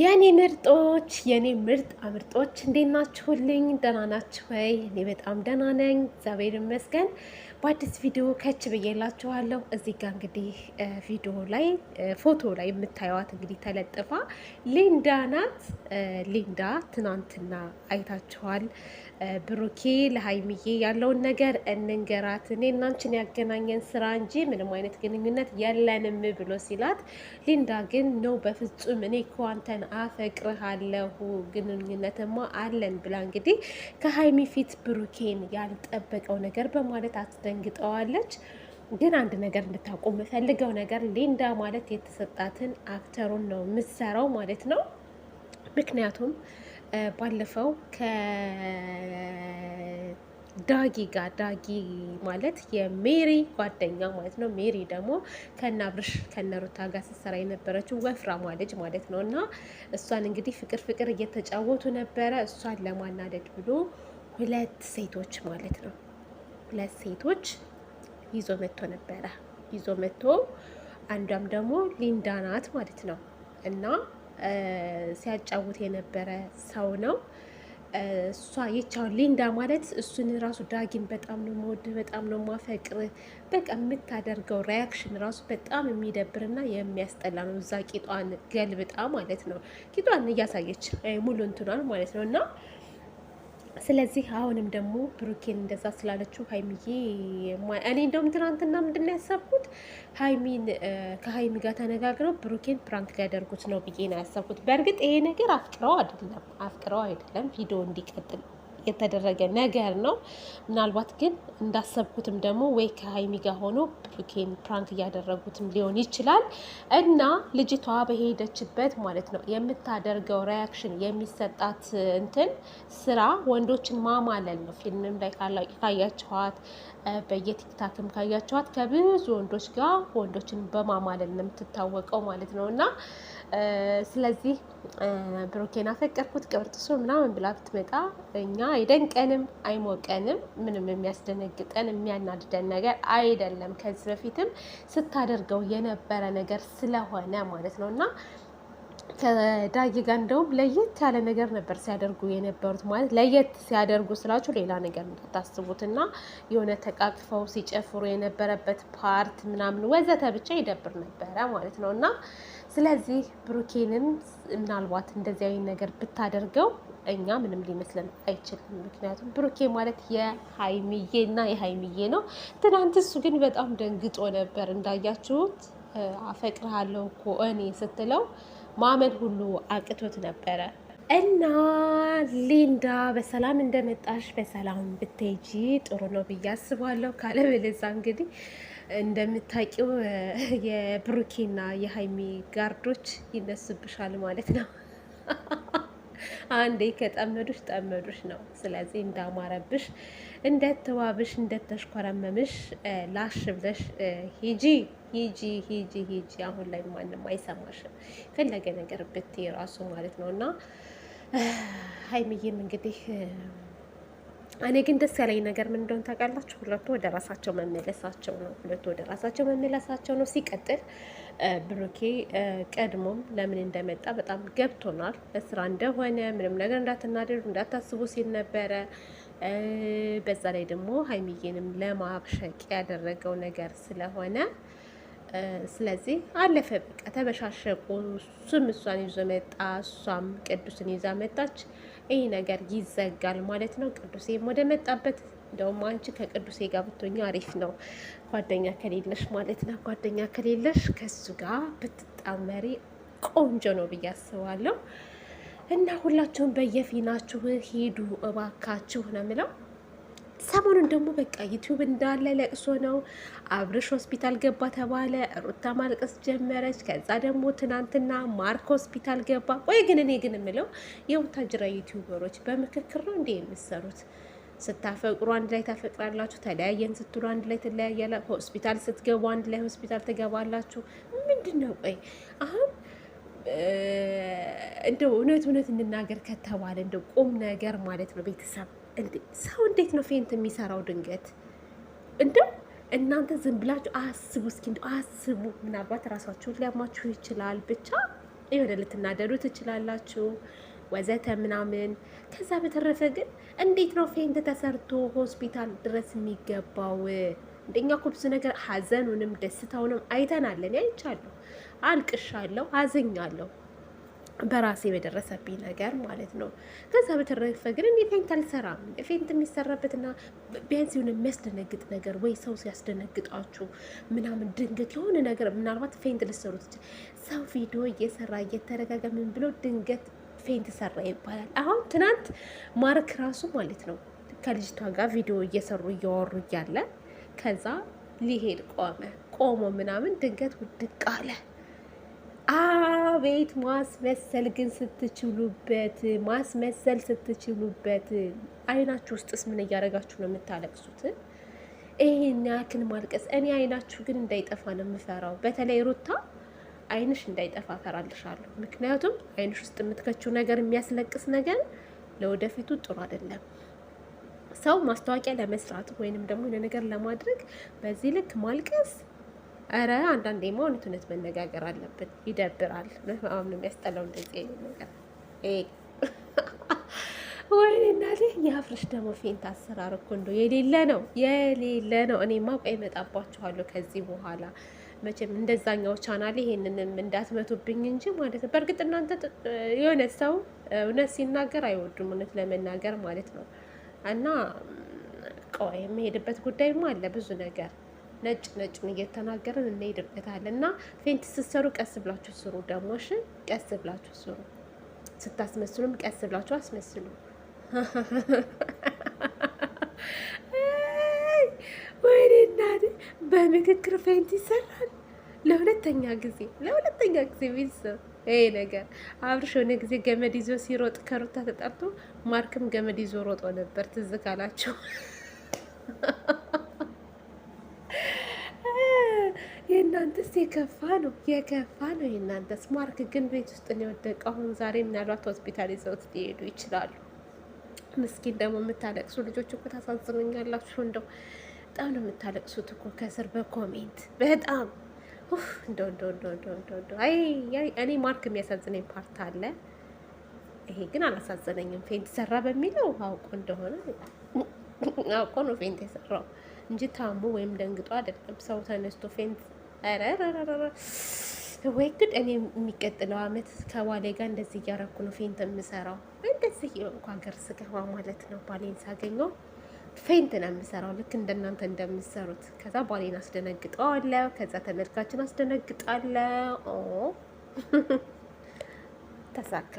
የኔ ምርጦች የኔ ምርጥ አምርጦች እንዴት ናችሁልኝ? ደህና ናችሁ ወይ? እኔ በጣም ደህና ነኝ፣ እግዚአብሔር ይመስገን። በአዲስ ቪዲዮ ከች ብዬላችኋለሁ። እዚህ ጋር እንግዲህ ቪዲዮ ላይ ፎቶ ላይ የምታየዋት እንግዲህ ተለጥፋ ሊንዳ ናት። ሊንዳ ትናንትና አይታችኋል። ብሩኬ ለሀይሚዬ ያለውን ነገር እንንገራት፣ እኔ እናንችን ያገናኘን ስራ እንጂ ምንም አይነት ግንኙነት የለንም ብሎ ሲላት፣ ሊንዳ ግን ነው በፍጹም እኔ እኮ አንተን አፈቅርሃለሁ ግንኙነትማ አለን ብላ እንግዲህ ከሀይሚ ፊት ብሩኬን ያልጠበቀው ነገር በማለት አስደንግጠዋለች። ግን አንድ ነገር እንድታውቁ የምፈልገው ነገር ሊንዳ ማለት የተሰጣትን አክተሩን ነው የምትሰራው ማለት ነው ምክንያቱም ባለፈው ከዳጊ ጋር ዳጊ ማለት የሜሪ ጓደኛ ማለት ነው። ሜሪ ደግሞ ከነ ብርሽ ከነሩታ ጋር ስትሰራ የነበረችው ወፍራሟ ልጅ ማለት ነው። እና እሷን እንግዲህ ፍቅር ፍቅር እየተጫወቱ ነበረ እሷን ለማናደድ ብሎ ሁለት ሴቶች ማለት ነው ሁለት ሴቶች ይዞ መጥቶ ነበረ ይዞ መጥቶ አንዷም ደግሞ ሊንዳ ናት ማለት ነው እና ሲያጫውት የነበረ ሰው ነው። እሷ የቻውን ሊንዳ ማለት እሱን ራሱ ዳጊን በጣም ነው መወድህ፣ በጣም ነው ማፈቅር። በቃ የምታደርገው ሪያክሽን ራሱ በጣም የሚደብርና የሚያስጠላ ነው። እዛ ቂጧን ገልብጣ ማለት ነው ቂጧን እያሳየች ሙሉ እንትኗን ማለት ነው እና ስለዚህ አሁንም ደግሞ ብሩኬን እንደዛ ስላለችው ሀይሚዬ እኔ እንደውም ትናንትና ምንድን ነው ያሰብኩት ሀይሚን ከሀይሚ ጋር ተነጋግረው ብሩኬን ፕራንክ ሊያደርጉት ነው ብዬ ነው ያሰብኩት። በእርግጥ ይሄ ነገር አፍቅረው አይደለም አፍቅረው አይደለም ቪዲዮ እንዲቀጥል የተደረገ ነገር ነው። ምናልባት ግን እንዳሰብኩትም ደግሞ ወይ ከሀይሚ ጋር ሆኖ ብሩኬን ፕራንክ እያደረጉትም ሊሆን ይችላል እና ልጅቷ በሄደችበት ማለት ነው የምታደርገው ሪያክሽን የሚሰጣት እንትን ስራ ወንዶችን ማማለል ነው። ፊልምም ላይ ካያቸዋት በየቲክታክም ካያቸዋት ከብዙ ወንዶች ጋር ወንዶችን በማማለል ነው የምትታወቀው ማለት ነው እና ስለዚህ ብሩኬን አፈቀርኩት ቅብርጥሱ ምናምን ብላ ብትመጣ እኛ አይደንቀንም፣ አይሞቀንም። ምንም የሚያስደነግጠን የሚያናድደን ነገር አይደለም። ከዚህ በፊትም ስታደርገው የነበረ ነገር ስለሆነ ማለት ነው እና ከዳጊ ጋር እንደውም ለየት ያለ ነገር ነበር ሲያደርጉ የነበሩት። ማለት ለየት ሲያደርጉ ስላችሁ ሌላ ነገር ታስቡት እና የሆነ ተቃቅፈው ሲጨፍሩ የነበረበት ፓርት ምናምን ወዘተ ብቻ ይደብር ነበረ ማለት ነው። እና ስለዚህ ብሩኬንም ምናልባት እንደዚህ አይነት ነገር ብታደርገው እኛ ምንም ሊመስለን አይችልም። ምክንያቱም ብሩኬ ማለት የሀይሚዬ እና የሀይሚዬ ነው። ትናንት እሱ ግን በጣም ደንግጦ ነበር እንዳያችሁት። አፈቅርሃለሁ እኮ እኔ ስትለው ማመን ሁሉ አቅቶት ነበረ። እና ሊንዳ በሰላም እንደመጣሽ በሰላም ብትሄጂ ጥሩ ነው ብዬ አስባለሁ። ካለበለዚያ እንግዲህ እንደምታቂው የብሩኬና የሀይሚ ጋርዶች ይነሱብሻል ማለት ነው። አንዴ ከጠመዱሽ ጠመዱሽ ነው። ስለዚህ እንዳማረብሽ፣ እንደተዋብሽ፣ እንደተሽኮረመምሽ ላሽ ብለሽ ሂጂ ሂጂ ሂጂ ሂጂ። አሁን ላይ ማንም አይሰማሽም ፈለገ ነገር ብትይ ራሱ ማለት ነው እና ሀይሚዬም እንግዲህ እኔ ግን ደስ ያለኝ ነገር ምን እንደሆነ ታውቃላችሁ? ሁለቱ ወደ ራሳቸው መመለሳቸው ነው። ሁለቱ ወደ ራሳቸው መመለሳቸው ነው። ሲቀጥል ብሩኬ ቀድሞም ለምን እንደመጣ በጣም ገብቶናል። በስራ እንደሆነ ምንም ነገር እንዳትናደዱ እንዳታስቡ ሲል ነበረ። በዛ ላይ ደግሞ ሀይሚዬንም ለማብሸቅ ያደረገው ነገር ስለሆነ ስለዚህ አለፈ፣ በቃ ተበሻሸቁ። እሱም እሷን ይዞ መጣ፣ እሷም ቅዱስን ይዛ መጣች። ይህ ነገር ይዘጋል ማለት ነው። ቅዱሴም ወደ መጣበት እንደውም አንቺ ከቅዱሴ ጋር ብትሆኝ አሪፍ ነው። ጓደኛ ከሌለሽ ማለት ነው። ጓደኛ ከሌለሽ ከሱ ጋር ብትጣመሪ ቆንጆ ነው ብዬ አስባለሁ። እና ሁላችሁም በየፊናችሁ ሂዱ እባካችሁ ነው የምለው። ሰሞኑን ደግሞ በቃ ዩቲዩብ እንዳለ ለቅሶ ነው። አብርሽ ሆስፒታል ገባ ተባለ፣ ሩታ ማልቀስ ጀመረች። ከዛ ደግሞ ትናንትና ማርክ ሆስፒታል ገባ። ወይ ግን እኔ ግን የምለው የወታጅራ ዩቲዩበሮች በምክክር ነው እንዴ የምሰሩት? ስታፈቅሩ አንድ ላይ ታፈቅራላችሁ፣ ተለያየን ስትሉ አንድ ላይ ትለያያለ፣ ሆስፒታል ስትገቡ አንድ ላይ ሆስፒታል ትገባላችሁ። ምንድን ነው ቆይ አሁን እንደው እውነት እውነት እንናገር ከተባለ እንደው ቁም ነገር ማለት ነው ቤተሰብ እንዴ ሰው እንዴት ነው ፌንት የሚሰራው? ድንገት እንደው እናንተ ዝም ብላችሁ አስቡ እስኪ እንደው አስቡ። ምናልባት ራሳችሁን ሊያማችሁ ይችላል። ብቻ የሆነ ልትናደዱ ትችላላችሁ ወዘተ ምናምን። ከዛ በተረፈ ግን እንዴት ነው ፌንት ተሰርቶ ሆስፒታል ድረስ የሚገባው? እንደኛ እኮ ብዙ ነገር ሀዘኑንም ደስታውንም አይተናለን። ያይቻለሁ፣ አልቅሻለሁ፣ አዝኛለሁ። በራሴ በደረሰብኝ ነገር ማለት ነው። ከዛ በተረፈ ግን እኔ ፌንት አልሰራም። ፌንት የሚሰራበትና ቢያንስ የሆነ የሚያስደነግጥ ነገር ወይ ሰው ሲያስደነግጣችሁ ምናምን ድንገት የሆነ ነገር ምናልባት ፌንት ልሰሩ ትችል ሰው ቪዲዮ እየሰራ እየተረጋጋ ምን ብሎ ድንገት ፌንት ሰራ ይባላል። አሁን ትናንት ማርክ ራሱ ማለት ነው ከልጅቷ ጋር ቪዲዮ እየሰሩ እያወሩ እያለ ከዛ ሊሄድ ቆመ። ቆሞ ምናምን ድንገት ውድቅ አለ። አቤት ማስመሰል ግን ስትችሉበት፣ ማስመሰል ስትችሉበት፣ አይናችሁ ውስጥስ ምን እያደረጋችሁ ነው የምታለቅሱት? ይሄን ያክል ማልቀስ። እኔ አይናችሁ ግን እንዳይጠፋ ነው የምፈራው። በተለይ ሩታ አይንሽ እንዳይጠፋ ፈራልሻለሁ። ምክንያቱም አይንሽ ውስጥ የምትከችው ነገር የሚያስለቅስ ነገር ለወደፊቱ ጥሩ አይደለም። ሰው ማስታወቂያ ለመስራት ወይንም ደግሞ ነገር ለማድረግ በዚህ ልክ ማልቀስ ኧረ አንዳንዴማ እውነት እውነት መነጋገር አለብን። ይደብራል። በጣም ነው የሚያስጠላው እንደዚህ አይነት ነገር። ወይኔ እናቴ የአፍርሽ ደግሞ ፌንት አሰራር እኮ እንደው የሌለ ነው የሌለ ነው። እኔ ማውቃ እመጣባችኋለሁ ከዚህ በኋላ መቼም እንደዛኛው ቻናል ይሄንንም እንዳትመቱብኝ እንጂ ማለት ነው። በእርግጥ እናንተ የሆነ ሰው እውነት ሲናገር አይወዱም እውነት ለመናገር ማለት ነው። እና ቆይ የምሄድበት ጉዳይ አለ ብዙ ነገር ነጭ ነጩን እየተናገርን እንሄድበታለን እና ፌንት ስትሰሩ ቀስ ብላችሁ ስሩ። ደግሞ እሺ፣ ቀስ ብላችሁ ስሩ። ስታስመስሉም ቀስ ብላችሁ አስመስሉ። ወይኔ እናቴ በምክክር ፌንት ይሰራል። ለሁለተኛ ጊዜ ለሁለተኛ ጊዜ ቤተሰብ ይሄ ነገር አብርሽ የሆነ ጊዜ ገመድ ይዞ ሲሮጥ ከሩታ ተጠርቶ ማርክም ገመድ ይዞ ሮጦ ነበር። ትዝ የእናንተስ የከፋ ነው የከፋ ነው የእናንተስ። ማርክ ግን ቤት ውስጥ ነው የወደቀው። አሁን ዛሬ ምናልባት ሆስፒታል ይዘውት ሊሄዱ ይችላሉ። ምስኪን ደግሞ የምታለቅሱ ልጆች እኮ ታሳዝኑኛላችሁ። እንደው በጣም ነው የምታለቅሱት እኮ ከስር በኮሜንት በጣም እንደው እንደው እንደው እኔ ማርክ የሚያሳዝነኝ ፓርት አለ። ይሄ ግን አላሳዘነኝም። ፌንት ሰራ በሚለው አውቆ እንደሆነ አውቆ ነው ፌንት የሰራው እንጂ ታሞ ወይም ደንግጦ አይደለም። ሰው ተነስቶ ፌንት ወይ ጉድ! እኔ የሚቀጥለው አመት ከባሌ ጋር እንደዚህ እያረኩ ነው ፌንት የምሰራው። እንደዚህ እንኳ ሀገር ስገባ ማለት ነው ባሌን ሳገኘው ፌንት ነው የምሰራው፣ ልክ እንደናንተ እንደምሰሩት። ከዛ ባሌን አስደነግጠዋለሁ፣ ከዛ ተመልካችን አስደነግጣለሁ። ተሳካ።